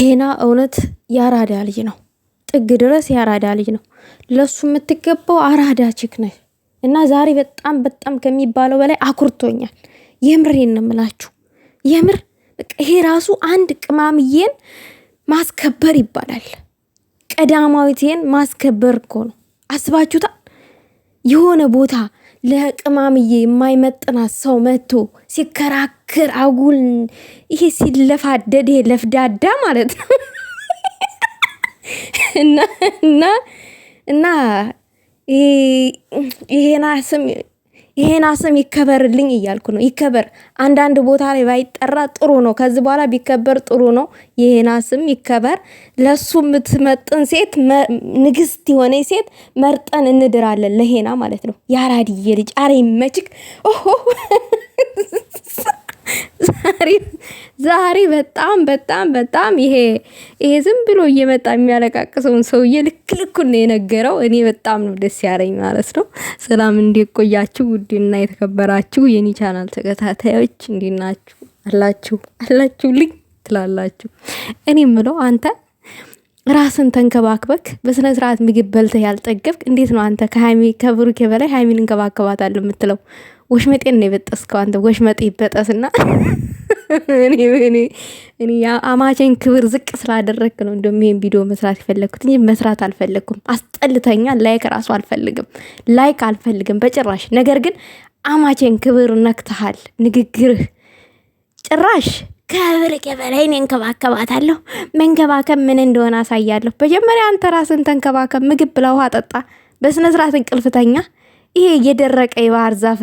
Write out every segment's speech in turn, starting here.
ሄና እውነት ያራዳ ልጅ ነው፣ ጥግ ድረስ ያራዳ ልጅ ነው። ለሱ የምትገባው አራዳ ችክ ነች። እና ዛሬ በጣም በጣም ከሚባለው በላይ አኩርቶኛል። የምር ነው ምላችሁ የምር ይሄ ራሱ አንድ ቅማምዬን ማስከበር ይባላል። ቀዳማዊትን ማስከበር እኮ ነው። አስባችሁታል? የሆነ ቦታ ለቅማምዬ የማይመጥናት ሰው መጥቶ ሲከራክር አጉል ይሄ ሲለፋደድ ይሄ ለፍዳዳ ማለት ነው እና እና እና ይሄና ስም ይሄን ስም ይከበርልኝ እያልኩ ነው። ይከበር አንዳንድ ቦታ ላይ ባይጠራ ጥሩ ነው። ከዚህ በኋላ ቢከበር ጥሩ ነው። ይሄን ስም ይከበር። ለሱ የምትመጥን ሴት፣ ንግስት የሆነ ሴት መርጠን እንድራለን ለሄና ማለት ነው። የአራድዬ ልጅ አረ ይመችክ። ዛሬ በጣም በጣም በጣም ይሄ ይሄ ዝም ብሎ እየመጣ የሚያለቃቅሰውን ሰውዬ ልክ ልኩን ነው የነገረው። እኔ በጣም ነው ደስ ያለኝ ማለት ነው። ሰላም እንዲቆያችሁ ውድና የተከበራችሁ የኒ ቻናል ተከታታዮች እንዲናችሁ አላችሁ አላችሁ ልኝ ትላላችሁ። እኔ ምለው አንተ ራስን ተንከባክበክ በስነ ስርዓት ምግብ በልተህ ያልጠገብክ እንዴት ነው አንተ ከሀይሚ ከብሩኬ በላይ ሀይሚን እንከባከባታለሁ የምትለው? ወሽመጤን ነው የበጠስከው አንተ። ወሽመጤ ይበጠስና እኔ አማቼን ክብር ዝቅ ስላደረግክ ነው እንደም ይሄን ቪዲዮ መስራት የፈለግኩት እንጂ መስራት አልፈለግኩም። አስጠልተኛ። ላይክ ራሱ አልፈልግም፣ ላይክ አልፈልግም በጭራሽ። ነገር ግን አማቼን ክብር ነክተሃል። ንግግርህ ጭራሽ ከብር በላይ እኔ እንከባከባታለሁ። መንከባከብ ምን እንደሆነ አሳያለሁ። መጀመሪያ አንተ ራስን ተንከባከብ። ምግብ ብላ ውሃ ጠጣ። በስነ ስርዓት እንቅልፍተኛ ይሄ የደረቀ የባህር ዛፍ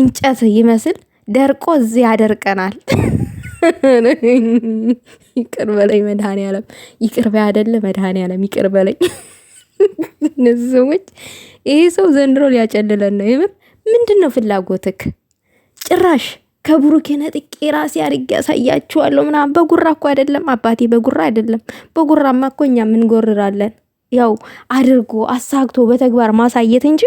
እንጨት ይመስል ደርቆ እዚህ ያደርቀናል። ይቅር በለኝ መድኃኔዓለም፣ ይቅር በይ አይደለ መድኃኔዓለም፣ ይቅር በለኝ። እነዚህ ሰዎች ይሄ ሰው ዘንድሮ ሊያጨልለን ነው። የምር ምንድን ነው ፍላጎትክ? ጭራሽ ከብሩኬ ነጥቄ ራሴ አድርጌ ያሳያችኋለሁ ምናምን። በጉራ እኮ አይደለም አባቴ፣ በጉራ አይደለም። በጉራማ እኮ እኛ እንጎርራለን። ያው አድርጎ አሳግቶ በተግባር ማሳየት እንጂ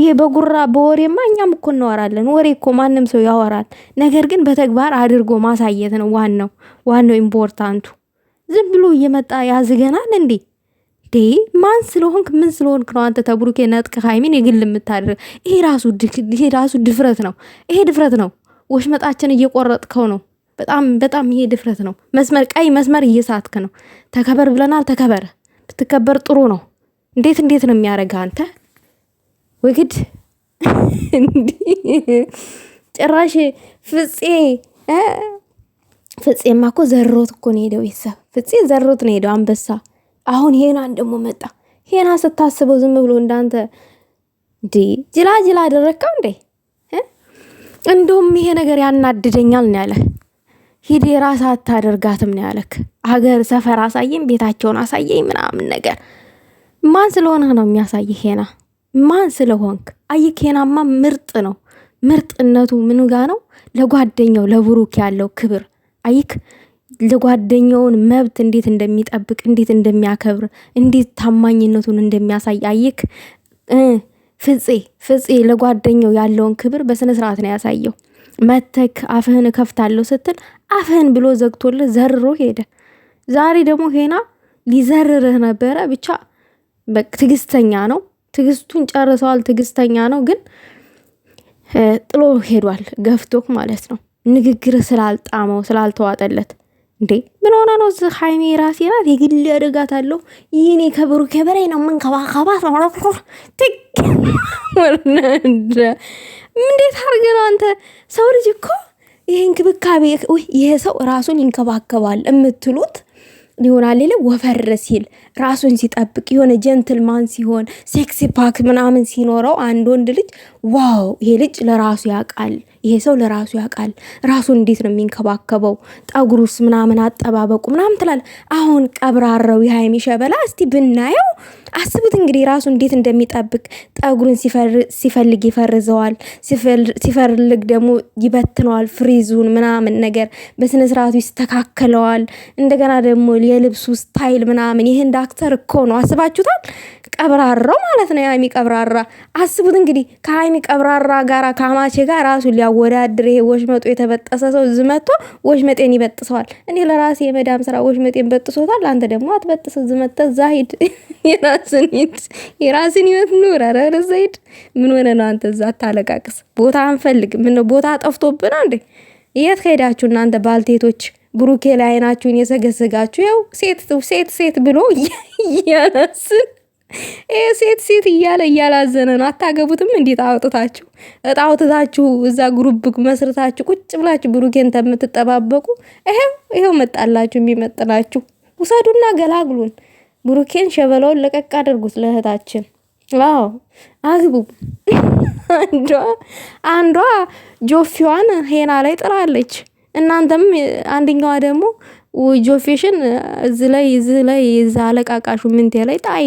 ይሄ በጉራ በወሬማ እኛም እኮ እናወራለን። ወሬ እኮ ማንም ሰው ያወራል። ነገር ግን በተግባር አድርጎ ማሳየት ነው ዋናው ዋናው ኢምፖርታንቱ። ዝም ብሎ እየመጣ ያዝገናል እንዴ? ዴ ማን ስለሆንክ ምን ስለሆንክ ነው አንተ ተብሩኬ ነጥቅ ሀይሚን የግል የምታደርግ? ይሄ ራሱ ይሄ ራሱ ድፍረት ነው። ይሄ ድፍረት ነው። ወሽመጣችን እየቆረጥከው ነው። በጣም በጣም ይሄ ድፍረት ነው። መስመር ቀይ መስመር እየሳትክ ነው። ተከበር ብለናል። ተከበር ብትከበር ጥሩ ነው። እንዴት እንዴት ነው የሚያደርግህ አንተ ወግድ ጭራሽ ፍፄ ፍፄማ እኮ ዘሮት እኮ ነው ሄደው ቤተሰብ ፍፄ ዘሮት ነው ሄደው አንበሳ። አሁን ሄናን ደግሞ መጣ። ሄና ስታስበው ዝም ብሎ እንዳንተ እንዴ ጅላጅላ ጅላ አደረግከው እንዴ። እንደውም ይሄ ነገር ያናድደኛል ነው ያለ። ሂድ የራስ አታደርጋትም ነው ያለክ። ሀገር ሰፈር አሳየኝ፣ ቤታቸውን አሳየኝ ምናምን ነገር። ማን ስለሆንህ ነው የሚያሳይ? ሄና? ማን ስለሆንክ አይክ። ሄናማ ምርጥ ነው። ምርጥነቱ ምኑ ጋ ነው? ለጓደኛው ለብሩክ ያለው ክብር አይክ ለጓደኛውን መብት እንዴት እንደሚጠብቅ እንዴት እንደሚያከብር እንዴት ታማኝነቱን እንደሚያሳይ አይክ። ፍጼ ፍጼ ለጓደኛው ያለውን ክብር በስነ ስርዓት ነው ያሳየው። መተክ አፍህን እከፍታለሁ ስትል አፍህን ብሎ ዘግቶልህ ዘርሮ ሄደ። ዛሬ ደግሞ ሄና ሊዘርርህ ነበረ። ብቻ ትግስተኛ ነው። ትግስቱን ጨርሰዋል። ትግስተኛ ነው ግን ጥሎ ሄዷል። ገፍቶክ ማለት ነው። ንግግር ስላልጣመው ስላልተዋጠለት እንዴ ምን ሆና ነው? እዚ ሀይሜ ራሴ ናት የግል አደጋት አለው ይህኔ ከብሩ ከበላይ ነው ምን የምንከባከባት። እንዴት አርገ ነው አንተ ሰው ልጅ እኮ ይህ እንክብካቤ ይሄ ሰው ራሱን ይንከባከባል የምትሉት ሊሆናል ሌለ ወፈር ሲል ራሱን ሲጠብቅ የሆነ ጀንትልማን ሲሆን ሴክሲ ፓክ ምናምን ሲኖረው አንድ ወንድ ልጅ ዋው ይሄ ልጅ ለራሱ ያውቃል ይሄ ሰው ለራሱ ያውቃል፣ ራሱ እንዴት ነው የሚንከባከበው፣ ጠጉሩስ ምናምን አጠባበቁ ምናምን ትላል። አሁን ቀብራረው የሀይሚ ሸበላ እስቲ ብናየው፣ አስቡት እንግዲህ ራሱ እንዴት እንደሚጠብቅ ጠጉሩን ሲፈልግ ይፈርዘዋል፣ ሲፈልግ ደግሞ ይበትነዋል፣ ፍሪዙን ምናምን ነገር በስነ ስርዓቱ ይስተካከለዋል። እንደገና ደግሞ የልብሱ ስታይል ምናምን ይህ እንደ አክተር እኮ ነው። አስባችሁታል? ቀብራራው ማለት ነው። የሀይሚ ቀብራራ አስቡት እንግዲህ ከሀይሚ ቀብራራ ጋር ከአማቼ ጋር ራሱ ሊያወዳድር ይሄ ወሽመጡ የተበጠሰ ሰው ዝመቶ ወሽመጤን ይበጥሰዋል። እኔ ለራሴ የመዳም ስራ ወሽመጤን በጥሶታል። አንተ ደግሞ አትበጥሰ ዝመተ ዛሂድ የራስን ሂድ የራስን ህይወት ኑር። ኧረ ዛሂድ ምን ሆነ ነው አንተ እዛ አታለቃቅስ። ቦታ አንፈልግ ምን ቦታ ጠፍቶብን እንዴ? የት ከሄዳችሁ እናንተ ባልቴቶች ብሩኬ ላይ አይናችሁን የሰገሰጋችሁ ያው ሴት ሴት ሴት ብሎ እያነስን ይሄ ሴት ሴት እያለ እያላዘነ ነው። አታገቡትም? እንዴት አውጥታችሁ እጣውጥታችሁ እዛ ግሩብ መስርታችሁ ቁጭ ብላችሁ ብሩኬን ተምትጠባበቁ። ይሄው ይሄው መጣላችሁ፣ የሚመጥናችሁ ውሰዱና ገላግሉን። ብሩኬን ሸበላውን ለቀቅ አድርጉት ለእህታችን። ዋው አግቡ። አንዷ አንዷ ጆፊዋን ሄና ላይ ጥላለች። እናንተም አንደኛዋ ደግሞ ጆፌሽን እዚ ላይ እዚ ላይ እዛ አለቃቃሹ ምንቴ ላይ ጣይ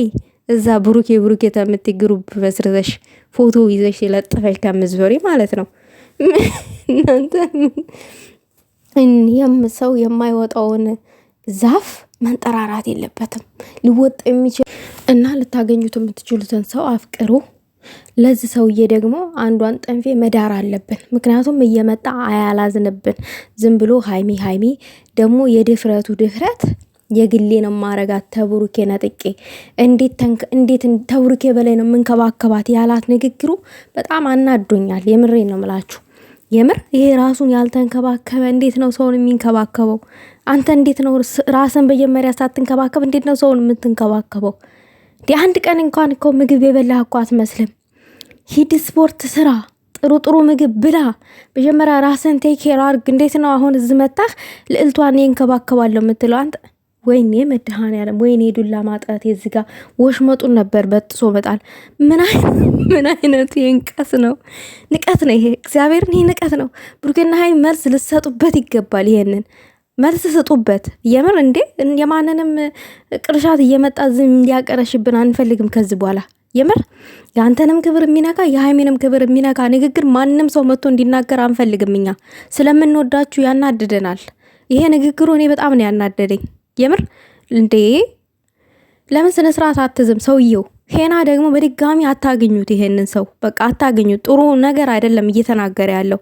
እዛ ብሩኬ ብሩኬ ከምትይ ግሩፕ መስርተሽ ፎቶ ይዘሽ የለጠፈሽ ከምትዞሪ ማለት ነው። እናንተ ሰው የማይወጣውን ዛፍ መንጠራራት የለበትም። ሊወጣ የሚችል እና ልታገኙት የምትችሉትን ሰው አፍቅሩ። ለዚህ ሰውዬ ደግሞ አንዷን ጠንፌ መዳር አለብን። ምክንያቱም እየመጣ አያላዝንብን። ዝም ብሎ ሀይሚ ሀይሚ ደግሞ የድፍረቱ ድፍረት የግሌ ነው ማረጋት ተብሩኬ ነጥቄ እንዴት ተብሩኬ በላይ ነው የምንከባከባት ያላት ንግግሩ በጣም አናዶኛል። የምሬ ነው ምላችሁ። የምር ይሄ ራሱን ያልተንከባከበ እንዴት ነው ሰውን የሚንከባከበው? አንተ እንዴት ነው ራስን መጀመሪያ ሳትንከባከብ እንዴት ነው ሰውን የምትንከባከበው? አንድ ቀን እንኳን እኮ ምግብ የበላህ እኮ አትመስልም። ሂድ ስፖርት ስራ፣ ጥሩ ጥሩ ምግብ ብላ። መጀመሪያ ራስን ቴክ ኬር አድርግ። እንዴት ነው አሁን እዚህ መጣህ ልዕልቷን ይንከባከባለሁ የምትለው አንተ? ወይኔ መድኃኔዓለም ወይኔ ዱላ ማጥራት የዚህ ጋ ወሽመጡን ነበር በጥሶ መጣል። ምን አይነቱ ንቀት ነው? ንቀት ነው ይሄ። እግዚአብሔርን ይሄ ንቀት ነው። ብሩኬና ሀይ መልስ ልሰጡበት ይገባል። ይሄንን መልስ ስጡበት። የምር እንዴ የማንንም ቅርሻት እየመጣ ዝም እንዲያቀረሽብን አንፈልግም ከዚህ በኋላ የምር የአንተንም ክብር የሚነካ የሀይሜንም ክብር የሚነካ ንግግር ማንም ሰው መጥቶ እንዲናገር አንፈልግም። እኛ ስለምንወዳችሁ ያናድደናል። ይሄ ንግግሩ እኔ በጣም ነው ያናደደኝ። የምር እንዴ ለምን ስነ ስርዓት አትዝም ሰውየው? ሄና ደግሞ በድጋሚ አታገኙት። ይሄንን ሰው በቃ አታገኙት። ጥሩ ነገር አይደለም እየተናገረ ያለው።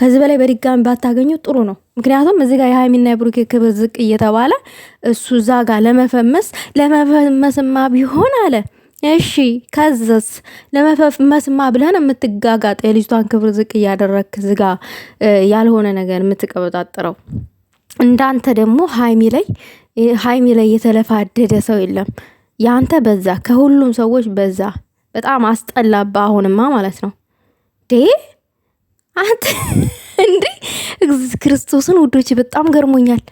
ከዚህ በላይ በድጋሚ ባታገኙት ጥሩ ነው። ምክንያቱም እዚህ ጋር የሀይሚና የብሩኬ ክብር ዝቅ እየተባለ እሱ እዛ ጋር ለመፈመስ ለመፈመስማ ቢሆን አለ እሺ ከዘስ ለመፈመስማ ብለን የምትጋጋጥ የልጅቷን ክብር ዝቅ እያደረግክ ዝጋ ያልሆነ ነገር የምትቀበጣጥረው እንዳንተ ደግሞ ሀይሚ ላይ ሀይሚ ላይ የተለፋደደ ሰው የለም። ያንተ በዛ፣ ከሁሉም ሰዎች በዛ። በጣም አስጠላባ። አሁንማ ማለት ነው ዴ አንተ እንዴ ክርስቶስን ውዶች፣ በጣም ገርሞኛል።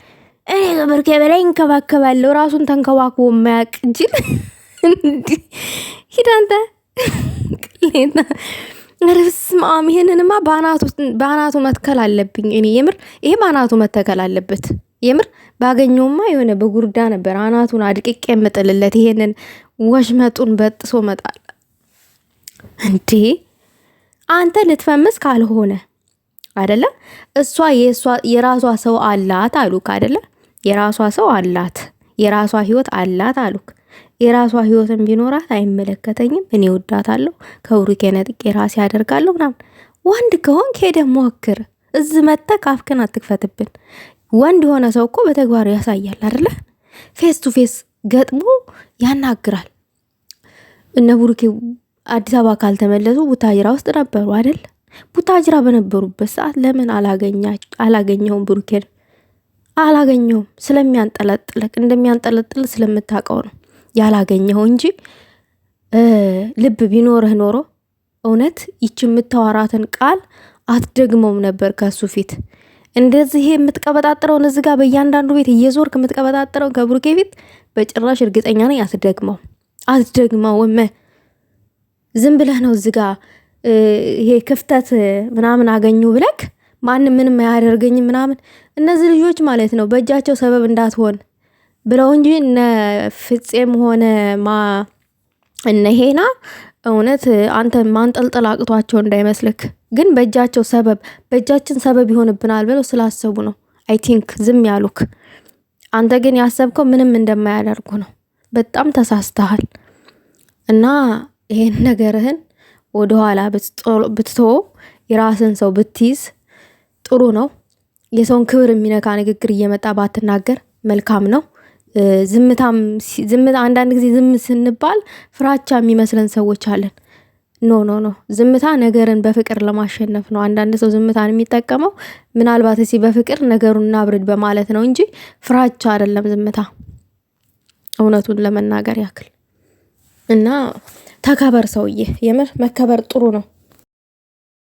እኔ ከብርኬ በላይ እንከባከባለሁ። ራሱን ተንከባክቦ የማያቅ ጅል ሂድ አንተ ቅሌታ ርስም አም ይሄንንማ በአናቱ መትከል አለብኝ እኔ የምር ይሄ በአናቱ መተከል አለበት። የምር ባገኘውማ የሆነ በጉርዳ ነበር አናቱን አድቅቅ የምጥልለት። ይሄንን ወሽመጡን በጥሶ መጣል እንዴ! አንተ ልትፈምስ ካልሆነ አደለ? እሷ የራሷ ሰው አላት አሉክ አደለ? የራሷ ሰው አላት፣ የራሷ ህይወት አላት አሉክ። የራሷ ህይወትን ቢኖራት አይመለከተኝም፣ እኔ ወዳታለሁ፣ ከብሩኬ ነጥቄ የራሴ ያደርጋለሁ ምናምን። ወንድ ከሆንክ ሄደህ ሞክር። እዝ መጥተህ አፍክን አትክፈትብን። ወንድ የሆነ ሰው እኮ በተግባር ያሳያል አይደለ? ፌስ ቱ ፌስ ገጥሞ ያናግራል። እነ ብሩኬ አዲስ አበባ ካልተመለሱ ቡታጅራ ውስጥ ነበሩ አይደል? ቡታጅራ በነበሩበት ሰዓት ለምን አላገኘውም? ብሩኬን አላገኘውም ስለሚያንጠለጥለቅ እንደሚያንጠለጥል ስለምታውቀው ነው። ያላገኘኸው እንጂ ልብ ቢኖርህ ኖሮ እውነት ይች የምታወራትን ቃል አትደግመውም ነበር ከሱ ፊት። እንደዚህ የምትቀበጣጥረውን እዚ ጋር በእያንዳንዱ ቤት እየዞርክ የምትቀበጣጥረውን ከብሩኬ ፊት በጭራሽ እርግጠኛ ነኝ አትደግመው አትደግመውም። ዝም ብለህ ነው እዚጋ ጋር ይሄ ክፍተት ምናምን አገኙ ብለክ ማንም ምንም አያደርገኝም ምናምን እነዚህ ልጆች ማለት ነው በእጃቸው ሰበብ እንዳትሆን ብለው እንጂ እነ ፍፄም ሆነ ማ እነ ሄና እውነት አንተ ማንጠልጠል አቅቷቸው እንዳይመስልክ፣ ግን በእጃቸው ሰበብ በእጃችን ሰበብ ይሆንብናል ብለው ስላሰቡ ነው አይ ቲንክ ዝም ያሉክ። አንተ ግን ያሰብከው ምንም እንደማያደርጉ ነው። በጣም ተሳስተሃል እና ይሄን ነገርህን ወደኋላ ብትቶ የራስን ሰው ብትይዝ ጥሩ ነው። የሰውን ክብር የሚነካ ንግግር እየመጣ ባትናገር መልካም ነው። ዝምታም አንዳንድ ጊዜ ዝም ስንባል ፍራቻ የሚመስለን ሰዎች አለን። ኖ ኖ ኖ ዝምታ ነገርን በፍቅር ለማሸነፍ ነው። አንዳንድ ሰው ዝምታን የሚጠቀመው ምናልባት እስኪ በፍቅር ነገሩን እናብርድ በማለት ነው እንጂ ፍራቻ አይደለም ዝምታ። እውነቱን ለመናገር ያክል እና ተከበር ሰውዬ፣ የምር መከበር ጥሩ ነው።